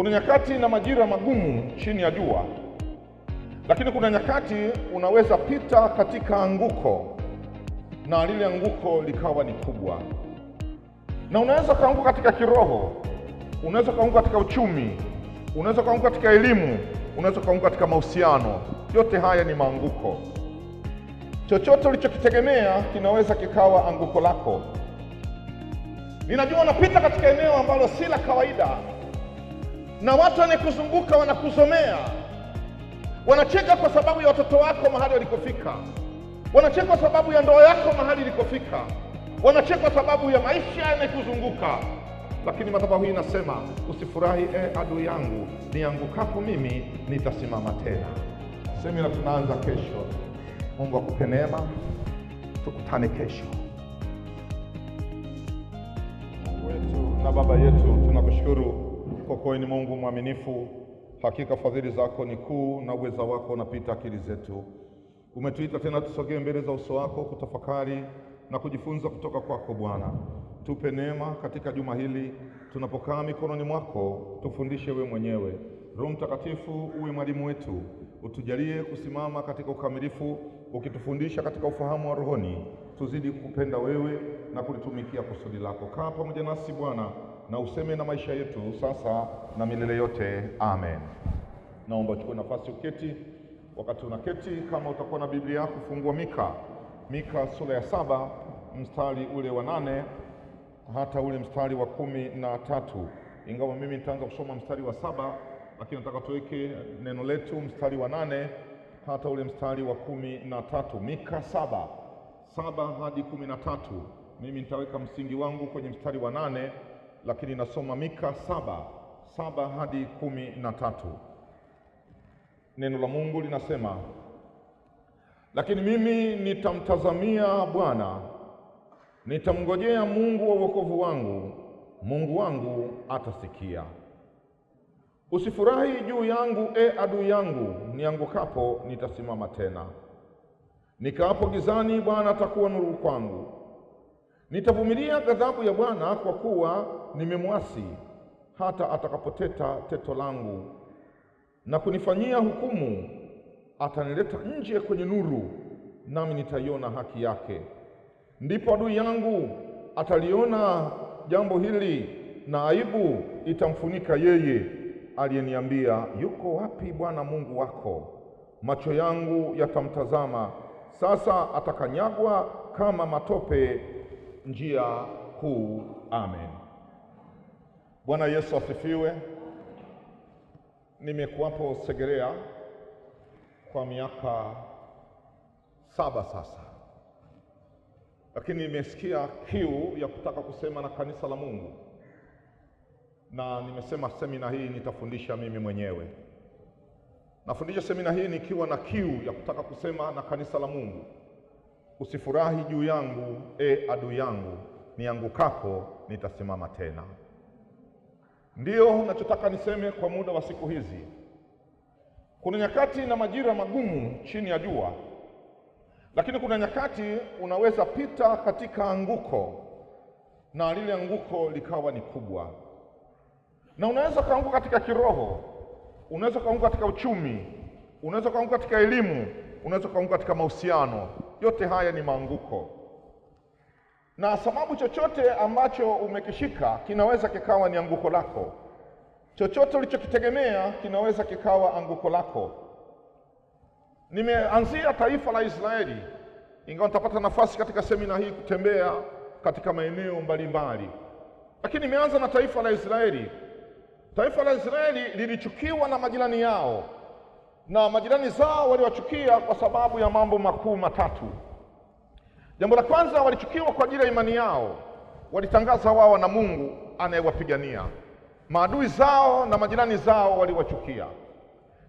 Kuna nyakati na majira magumu chini ya jua, lakini kuna nyakati unaweza pita katika anguko na lile anguko likawa ni kubwa, na unaweza ukaanguka katika kiroho, unaweza ukaanguka katika uchumi, unaweza ukaanguka katika elimu, unaweza ukaanguka katika mahusiano. Yote haya ni maanguko. Chochote ulichokitegemea kinaweza kikawa anguko lako. Ninajua unapita katika eneo ambalo si la kawaida na watu wanaekuzunguka wanakuzomea, wanacheka kwa sababu ya watoto wako mahali walikofika, wanacheka kwa sababu ya ndoa yako mahali ilikofika, wanacheka kwa sababu ya maisha yanayokuzunguka. Lakini madhabahu hii inasema usifurahi, e adui yangu, niangukapo mimi nitasimama tena. Semina tunaanza kesho. Mungu akupe neema, tukutane kesho. Mungu wetu na Baba yetu tunakushukuru kwa kuwa ni Mungu mwaminifu, hakika fadhili zako ni kuu na uweza wako unapita akili zetu. Umetuita tena tusogee mbele za uso wako kutafakari na kujifunza kutoka kwako Bwana. Tupe neema katika juma hili tunapokaa mikononi mwako, tufundishe we mwenyewe. Roho Mtakatifu uwe mwalimu wetu, utujalie kusimama katika ukamilifu, ukitufundisha katika ufahamu wa rohoni, tuzidi kukupenda wewe na kulitumikia kusudi lako. Kaa pamoja nasi Bwana na useme na maisha yetu sasa na milele yote. Amen. Naomba uchukue nafasi uketi. Wakati unaketi, kama utakuwa na Biblia yako, fungua Mika, Mika sura ya saba mstari ule wa nane hata ule mstari wa kumi na tatu ingawa mimi nitaanza kusoma mstari wa saba lakini nataka tuweke neno letu mstari wa nane hata ule mstari wa kumi na tatu Mika saba saba hadi kumi na tatu Mimi nitaweka msingi wangu kwenye mstari wa nane lakini nasoma Mika saba saba hadi kumi na tatu. Neno la Mungu linasema, lakini mimi nitamtazamia Bwana, nitamngojea Mungu wa wokovu wangu. Mungu wangu atasikia. Usifurahi juu yangu, e adui yangu, niangukapo nitasimama tena. Nikaapo gizani, Bwana atakuwa nuru kwangu nitavumilia ghadhabu ya Bwana kwa kuwa nimemwasi, hata atakapoteta teto langu na kunifanyia hukumu. Atanileta nje kwenye nuru, nami nitaiona haki yake. Ndipo adui yangu ataliona jambo hili, na aibu itamfunika yeye aliyeniambia, yuko wapi Bwana Mungu wako? Macho yangu yatamtazama, sasa atakanyagwa kama matope njia kuu. Amen. Bwana Yesu asifiwe. Nimekuwapo Segerea kwa miaka saba sasa, lakini nimesikia kiu ya kutaka kusema na kanisa la Mungu, na nimesema semina hii nitafundisha mimi mwenyewe. Nafundisha semina hii nikiwa na kiu ya kutaka kusema na kanisa la Mungu Usifurahi juu yangu, e adui yangu, niangukapo nitasimama tena. Ndiyo nachotaka niseme kwa muda wa siku hizi. Kuna nyakati na majira magumu chini ya jua, lakini kuna nyakati unaweza pita katika anguko na lile anguko likawa ni kubwa, na unaweza ukaanguka katika kiroho, unaweza ukaanguka katika uchumi, unaweza ukaanguka katika elimu, unaweza ukaanguka katika mahusiano yote haya ni maanguko, na sababu chochote ambacho umekishika kinaweza kikawa ni anguko lako. Chochote ulichokitegemea kinaweza kikawa anguko lako. Nimeanzia taifa la Israeli, ingawa nitapata nafasi katika semina hii kutembea katika maeneo mbalimbali, lakini nimeanza na taifa la Israeli. Taifa la Israeli lilichukiwa na majirani yao na majirani zao waliwachukia kwa sababu ya mambo makuu matatu. Jambo la kwanza, walichukiwa kwa ajili ya imani yao. Walitangaza wao na Mungu anayewapigania maadui zao, na majirani zao waliwachukia.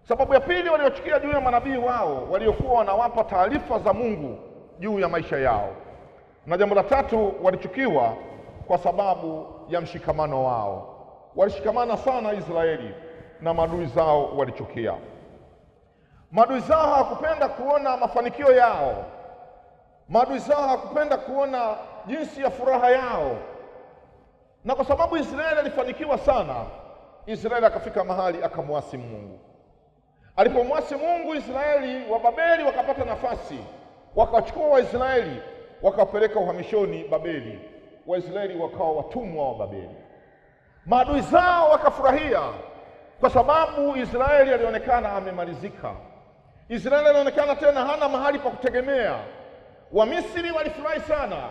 Sababu ya pili, waliwachukia juu ya manabii wao waliokuwa wanawapa taarifa za Mungu juu ya maisha yao, na jambo la tatu, walichukiwa kwa sababu ya mshikamano wao. Walishikamana sana Israeli na maadui zao walichukia. Maadui zao hawakupenda kuona mafanikio yao, maadui zao hawakupenda kuona jinsi ya furaha yao. Na kwa sababu Israeli alifanikiwa sana, Israeli akafika mahali akamwasi Mungu. Alipomwasi Mungu, Israeli wa Babeli wakapata nafasi, wakachukua Waisraeli wakawapeleka uhamishoni Babeli. Waisraeli wakawa watumwa wa Babeli. Maadui zao wakafurahia kwa sababu Israeli alionekana amemalizika. Israeli inaonekana tena hana mahali pa kutegemea. Wamisri walifurahi sana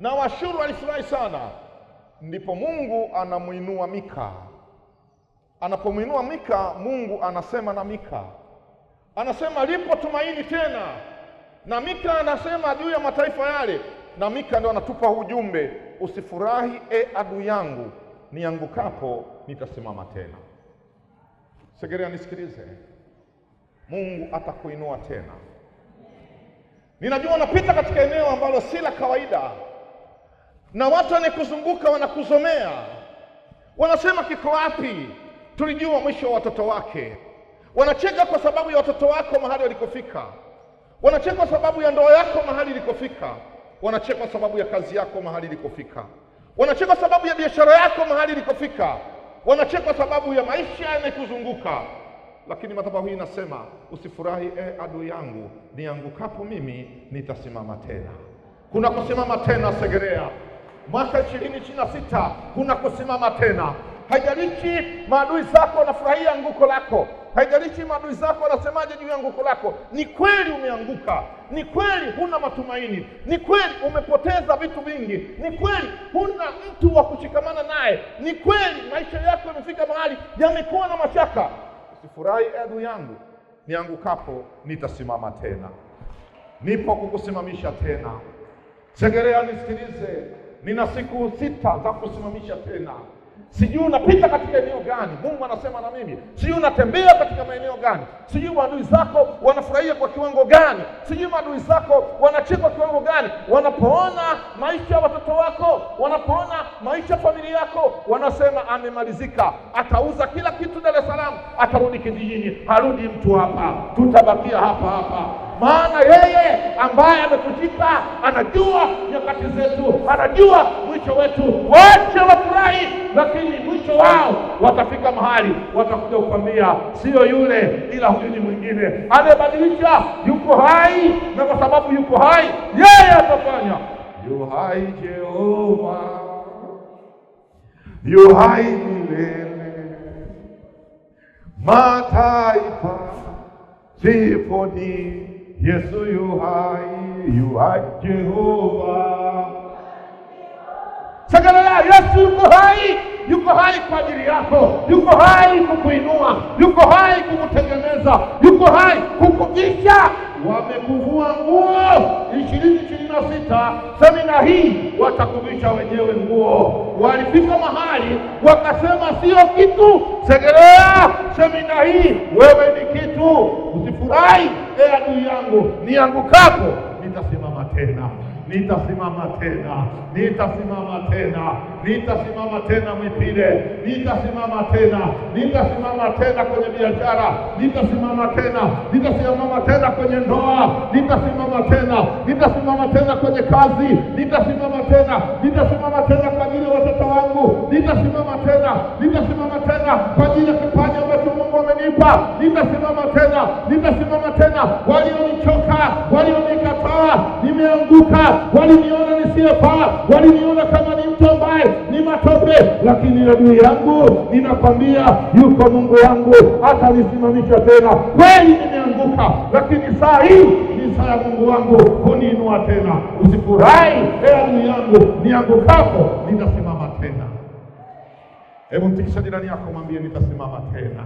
na Washuru walifurahi sana. Ndipo Mungu anamwinua Mika. Anapomwinua Mika, Mungu anasema na Mika, anasema lipo tumaini tena. Na Mika anasema juu ya mataifa yale, na Mika ndio anatupa ujumbe, usifurahi e adui yangu, niangukapo nitasimama tena. Segerea, nisikilize. Mungu atakuinua tena. Ninajua unapita katika eneo ambalo si la kawaida, na watu wanayekuzunguka wanakuzomea, wanasema kiko wapi? Tulijua mwisho wa watoto wake. Wanacheka kwa sababu ya watoto wako mahali walikofika, wanacheka kwa sababu ya ndoa yako mahali ilikofika, wanacheka kwa sababu ya kazi yako mahali ilikofika, wanacheka kwa sababu ya biashara yako mahali ilikofika, wanacheka kwa sababu ya maisha yanayokuzunguka lakini madhabahu hii inasema usifurahi, e adui yangu, niangukapo mimi nitasimama tena. Kuna kusimama tena Segerea mwaka ishirini ishirini na sita kuna kusimama tena. Haijalishi maadui zako wanafurahia anguko lako, haijalishi maadui zako wanasemaje juu ya anguko lako. Ni kweli umeanguka, ni kweli huna matumaini, ni kweli umepoteza vitu vingi, ni kweli huna mtu wa kushikamana naye, ni kweli maisha yako yamefika mahali yamekuwa na mashaka Usifurahi adui eh, yangu, niangukapo nitasimama tena, nipo kukusimamisha tena. Segerea nisikilize, nina siku sita za kusimamisha tena sijui unapita katika eneo gani, Mungu anasema na mimi, sijui unatembea katika maeneo gani, sijui maadui zako wanafurahia kwa kiwango gani, sijui maadui zako wanacheka kwa kiwango gani, wanapoona maisha ya watoto wako, wanapoona maisha ya familia yako, wanasema amemalizika, atauza kila kitu Dar es Salaam, atarudi kijijini, harudi mtu hapa, tutabakia hapa hapa maana yeye ambaye ametutika anajua nyakati zetu, anajua mwisho wetu. Wache wafurahi, lakini mwisho wao watafika mahali watakuja kukwambia, siyo yule, ila huyu ni mwingine amebadilisha Yuko hai, na kwa sababu yuko hai, yeye atafanya. Yu hai Jehova, yu hai milele, mataifa sifoni Yesu yu hai, yu hai Jehova. Sakala Yesu yuko hai, yuko hai kwa ajili yako, yuko hai kukuinua, yuko hai kukutengeneza, yuko hai kukuvisha wamekuvua nguo ishirini ishirini na sita semina hii watakuvisha wenyewe nguo. Walifika mahali wakasema sio kitu. Segerea semina hii, wewe ni kitu, usifurahi. E adui yangu, niangukapo nitasimama tena nitasimama tena, nitasimama tena, nitasimama tena Mwipile, nitasimama tena, nitasimama tena kwenye biashara, nitasimama tena, nitasimama tena kwenye ndoa, nitasimama tena, nitasimama tena kwenye kazi, nitasimama tena, nitasimama tena wangu, nitasimama tena, nitasimama tena kwa ajili ya kipaji ambacho Mungu amenipa, nitasimama tena, nitasimama tena. Walionichoka, walionikataa, nimeanguka, waliniona nisiyefaa, waliniona kama ni mtu ambaye ni matope, lakini adui yangu ninakwambia, yuko Mungu wangu, atanisimamisha tena. Kweli nimeanguka, lakini saa hii ya Mungu wangu kuniinua tena. Usifurahi ee adui yangu, niangukapo nitasimama. Hebu mtikisa jirani yako, mwambie nitasimama tena,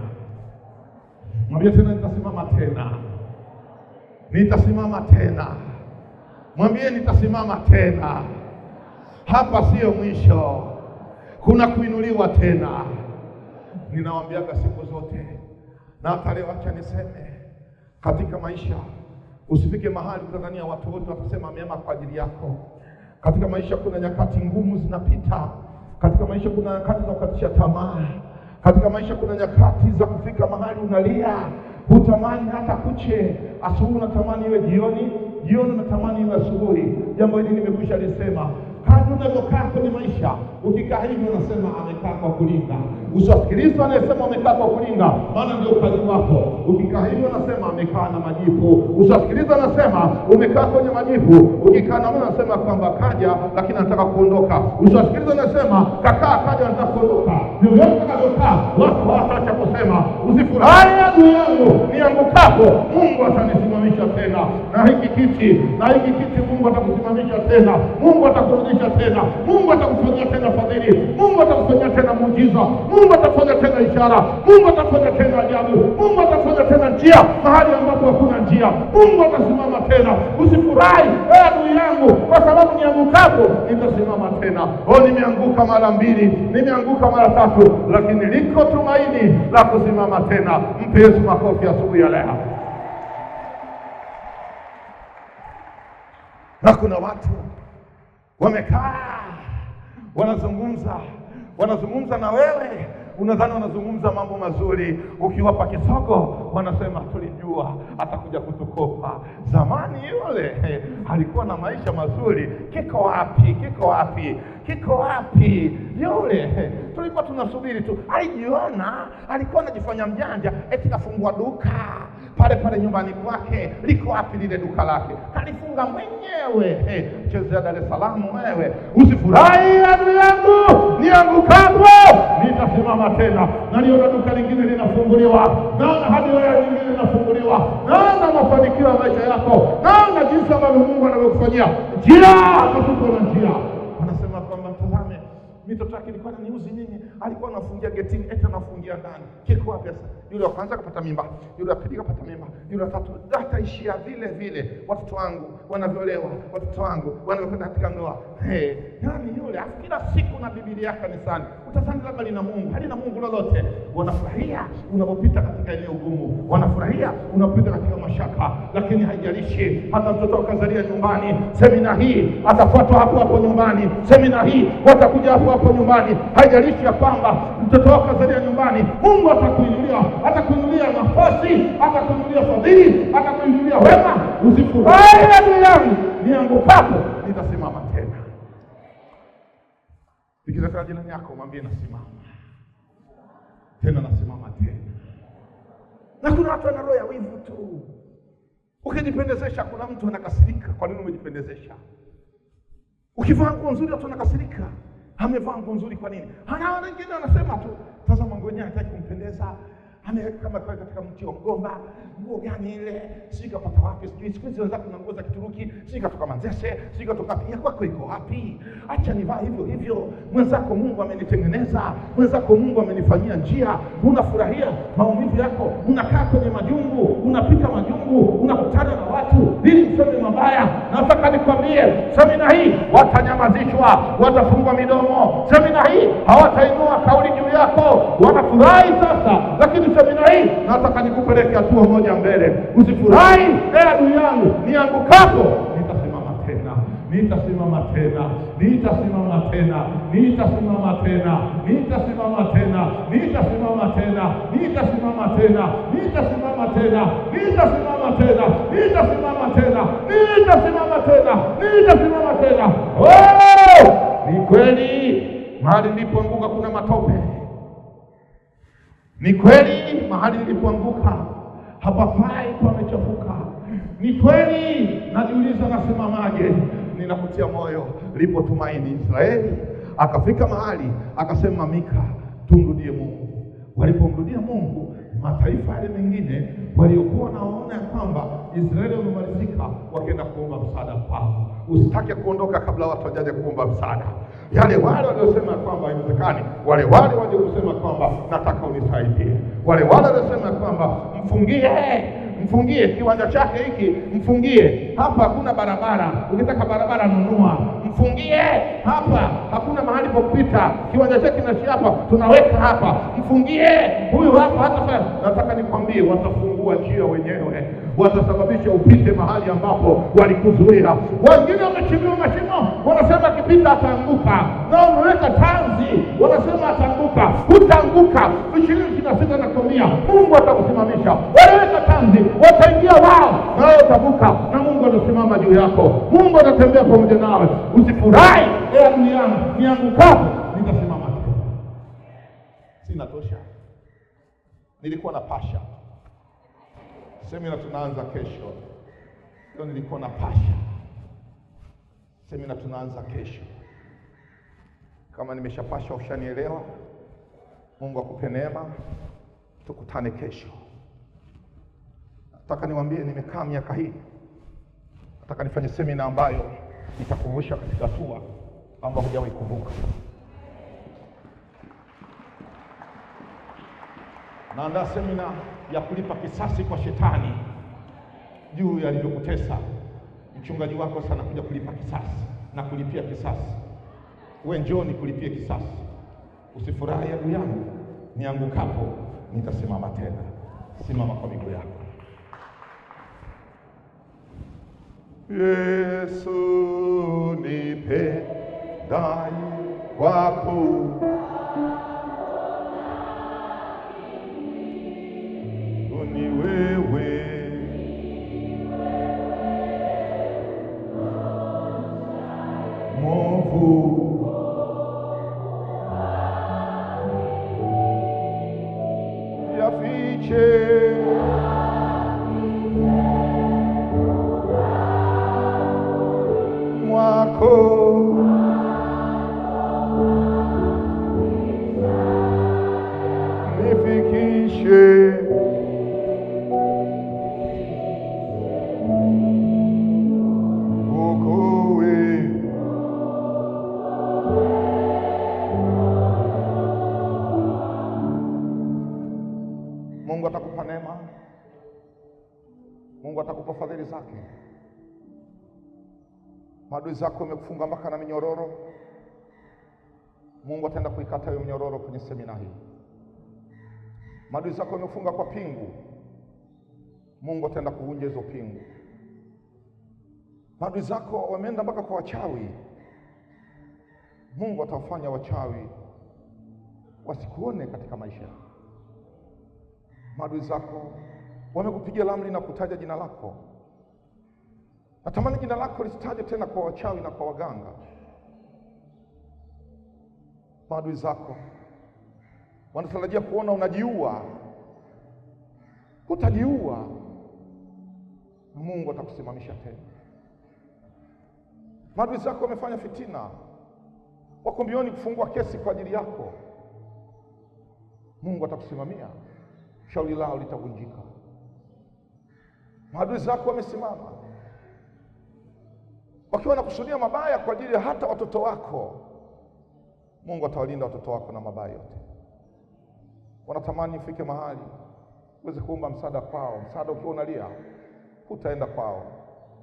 mwambie tena, nitasimama tena, nitasimama tena, mwambie nitasimama tena. Hapa sio mwisho, kuna kuinuliwa tena. Ninawambiaga siku zote na hata leo, acha niseme katika maisha, usifike mahali utadhania watu wote watasema mema kwa ajili yako. Katika maisha kuna nyakati ngumu zinapita katika maisha kuna nyakati za kukatisha tamaa. Katika maisha kuna nyakati za kufika mahali unalia, hutamani hata kuche. Asubuhi unatamani iwe jioni, jioni unatamani iwe asubuhi. Jambo hili nimekwisha lisema kadri unavyokaa kwenye maisha. Ukikaa hivi unasema amekaa kwa kulinga, usiwasikiliza anayesema amekaa kwa kulinga, maana ndio ukali wako. Ukikaa hivi unasema amekaa na majipu, usiwasikiliza anasema umekaa kwenye majipu. Ukikaa na mimi unasema kwamba kaja lakini anataka kuondoka, usiwasikiliza anasema kakaa kaja anataka kuondoka. Vyovyote watu wako hawataacha kusema usifurahi adui yangu nianguke yako Mungu atanisimamisha tena na hiki kiti na hiki kiti Mungu atakusimamisha tena, Mungu atakurudisha tena, Mungu atakufanyia tena fadhili, Mungu atakufanyia tena muujiza, Mungu atakufanya tena ishara, Mungu atakufanya tena ajabu, Mungu atafanya tena njia mahali ambapo hakuna njia, Mungu atasimama tena. Usifurahi ee adui yangu, kwa sababu niangukapo nitasimama tena. O, oh, nimeanguka mara mbili, nimeanguka mara tatu, lakini liko tumaini la kusimama tena. Mpe Yesu makofi asubuhi ya leo. na kuna watu wamekaa wanazungumza, wanazungumza na wewe unadhani wanazungumza mambo mazuri, ukiwapa kisogo wanasema tulijua atakuja kutukopa. Zamani yule alikuwa na maisha mazuri, kiko wapi? Kiko wapi? Kiko wapi? Yule tulikuwa tunasubiri tu, alijiona, alikuwa anajifanya mjanja, eti kafungua duka pale pale nyumbani kwake. Liko wapi lile duka lake? Kalifunga mwenyewe. chezea Dar es Salaam wewe, usifurahi adui yangu niangukapo nitasimama tena. Naliona duka lingine linafunguliwa, naona hadi wewe lingine linafunguliwa, naona mafanikio ya maisha yako, naona jinsi ambavyo Mungu anavyokufanyia njia, kasuko na njia mitoto yake ilikuwa niuzi nini, alikuwa anafungia getini, eti anafungia ndani. Kiko wapi sasa? Yule wa kwanza kapata mimba, yule wa pili kapata mimba, yule wa tatu, hataishia vile vile. Watoto wangu wanavyolewa, watoto wangu wanavyokwenda katika ndoa. Hey, nani yule? Afu kila siku na bibilia yake kanisani, utasani labda lina Mungu, halina Mungu lolote. Wanafurahia unapopita katika eneo gumu, wanafurahia unapopita katika mashaka, lakini haijalishi. Hata mtoto akazalia nyumbani, semina hii atafuatwa hapo hapo nyumbani, semina hii watakuja hapo hapo nyumbani. Haijalishi ya kwamba mtoto wako nyumbani, Mungu atakuinulia, atakuinulia nafasi, atakuinulia fadhili, atakuinulia wema usifu yangu niangukapo nitasimama tena. Ikizakaa jirani yako mwambie, nasimama tena, nasimama tena. Na kuna watu wana roho ya wivu tu, ukijipendezesha kuna mtu anakasirika. Kwa nini umejipendezesha? Ukivaa nguo nzuri watu wanakasirika, amevaa nguo nzuri kwa nini? Hana wengine wanasema tu, tazama, ngoja hataki kumpendeza ameweka kama kwa katika mti wa mgomba, nguo gani ile? Sijui kapata wapi, sijui siku hizi wenzako na nguo za Kituruki, sijui katoka Manzese, sijui katoka wapi, kwako iko wapi? Acha nivaa hivyo hivyo, mwenzako Mungu amenitengeneza, mwenzako Mungu amenifanyia njia. Unafurahia maumivu yako, unakaa kwenye majungu, unapika majungu, unakutana na watu ili mseme mabaya. Nataka nikwambie, semina hii watanyamazishwa, watafungwa midomo. Semina hii hawatainua kauli juu yako, wanafurahi sasa, lakini kabisa hii, nataka nikupeleke hatua moja mbele. Usifurahi ee adui yangu, niangukapo nitasimama tena, nitasimama tena, nitasimama tena, nitasimama tena, nitasimama tena, nitasimama tena, nitasimama tena, nitasimama tena, nitasimama tena, nitasimama tena, nitasimama tena, nitasimama tena. Ni kweli mahali nilipoanguka kuna matope ni kweli mahali nilipoanguka hapafai pamechafuka. Ni kweli najiuliza, nasimamaje? Ninakutia moyo, lipo tumaini. Israeli akafika mahali akasema, Mika, tumrudie Mungu walipomrudia Mungu, mataifa yale mengine waliokuwa wanaona ya kwamba Israeli wamemalizika, wakaenda kuomba msaada kwao. Usitake kuondoka kabla watu wajaje kuomba msaada. Yale wale waliosema kwamba haiwezekani, wale wale kusema kwamba nataka unisaidie, wale wale waliosema kwamba mfungie mfungie kiwanja chake hiki, mfungie hapa. Hakuna barabara, ukitaka barabara nunua, mfungie hapa. Hakuna mahali popita, kiwanja chake naishi hapa, tunaweka hapa, mfungie huyu hapa. Hata nataka nikwambie watafungia kuchukua njia wenyewe, watasababisha upite mahali ambapo walikuzuia. Wengine wamechimbiwa mashimo, wanasema akipita ataanguka, na wameweka tanzi, wanasema ataanguka. Hutaanguka, ishirini ishirini na sita nakomia, Mungu atakusimamisha. Waliweka tanzi, wataingia wao, nawe utavuka, na Mungu atasimama juu yako. Mungu atatembea pamoja nawe. Usifurahi, ee adui yangu, niangukapo nitasimama Sina tosha, nilikuwa na pasha semina tunaanza kesho. Leo nilikuwa na pasha, semina tunaanza kesho. Kama nimeshapasha ushanielewa, Mungu akupe neema, tukutane kesho. Nataka niwaambie, nimekaa miaka hii, nataka nifanye semina ambayo nitakuvusha katika hatua ambayo hujawahi kumbuka. naandaa semina ya kulipa kisasi kwa shetani juu yalivyokutesa. Mchungaji wako sasa anakuja kulipa kisasi na kulipia kisasi. We njoni kulipie kisasi, usifurahi adui yangu, niangukapo nitasimama tena. Simama kwa miguu yako. Yesu nipendaye kwako adui zako wamekufunga mpaka na minyororo. Mungu ataenda kuikata hiyo minyororo kwenye semina hii. Maadui zako wamekufunga kwa pingu, Mungu ataenda kuvunja hizo pingu. Maadui zako wameenda mpaka kwa wachawi, Mungu atawafanya wachawi wasikuone katika maisha yako. Maadui zako wamekupigia ramli na kutaja jina lako Natamani jina lako lisitaje tena kwa wachawi na kwa waganga, maadui zako wanatarajia kuona unajiua. Hutajiua, Mungu atakusimamisha tena. Maadui zako wamefanya fitina, wako mbioni kufungua kesi kwa ajili yako. Mungu atakusimamia, shauri lao litavunjika. Maadui zako wamesimama wakiwa wanakusudia mabaya kwa ajili ya hata watoto wako. Mungu atawalinda watoto wako na mabaya yote. Wanatamani ufike mahali uweze kuomba msaada kwao, msaada ukiwa unalia, hutaenda kwao,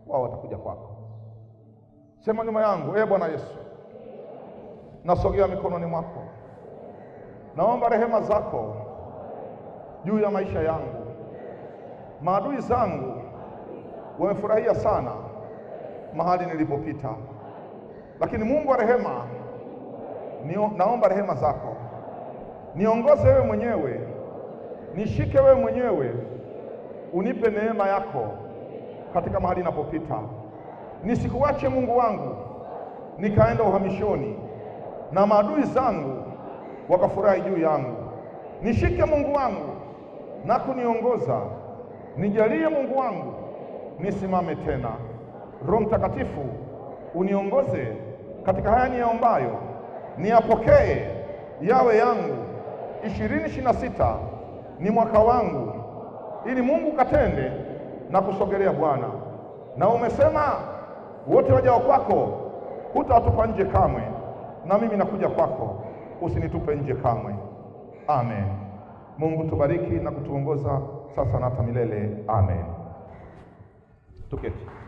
wao watakuja kwako. Sema nyuma yangu, ee Bwana Yesu, nasogea mikononi mwako, naomba rehema zako juu ya maisha yangu. Maadui zangu wamefurahia sana mahali nilipopita, lakini Mungu wa rehema, naomba rehema zako, niongoze wewe mwenyewe, nishike wewe mwenyewe, unipe neema yako katika mahali ninapopita, nisikuache Mungu wangu nikaenda uhamishoni na maadui zangu wakafurahi juu yangu. Nishike Mungu wangu na kuniongoza, nijalie Mungu wangu nisimame tena. Roho Mtakatifu uniongoze katika haya niyaombayo, niyapokee yawe yangu. ishirini ishirini na sita ni mwaka wangu, ili Mungu katende na kusogelea Bwana. Na umesema wote wajao kwako hutawatupa nje kamwe, na mimi nakuja kwako, usinitupe nje kamwe. Amen. Mungu tubariki na kutuongoza sasa na hata milele. Amen. Tuketi.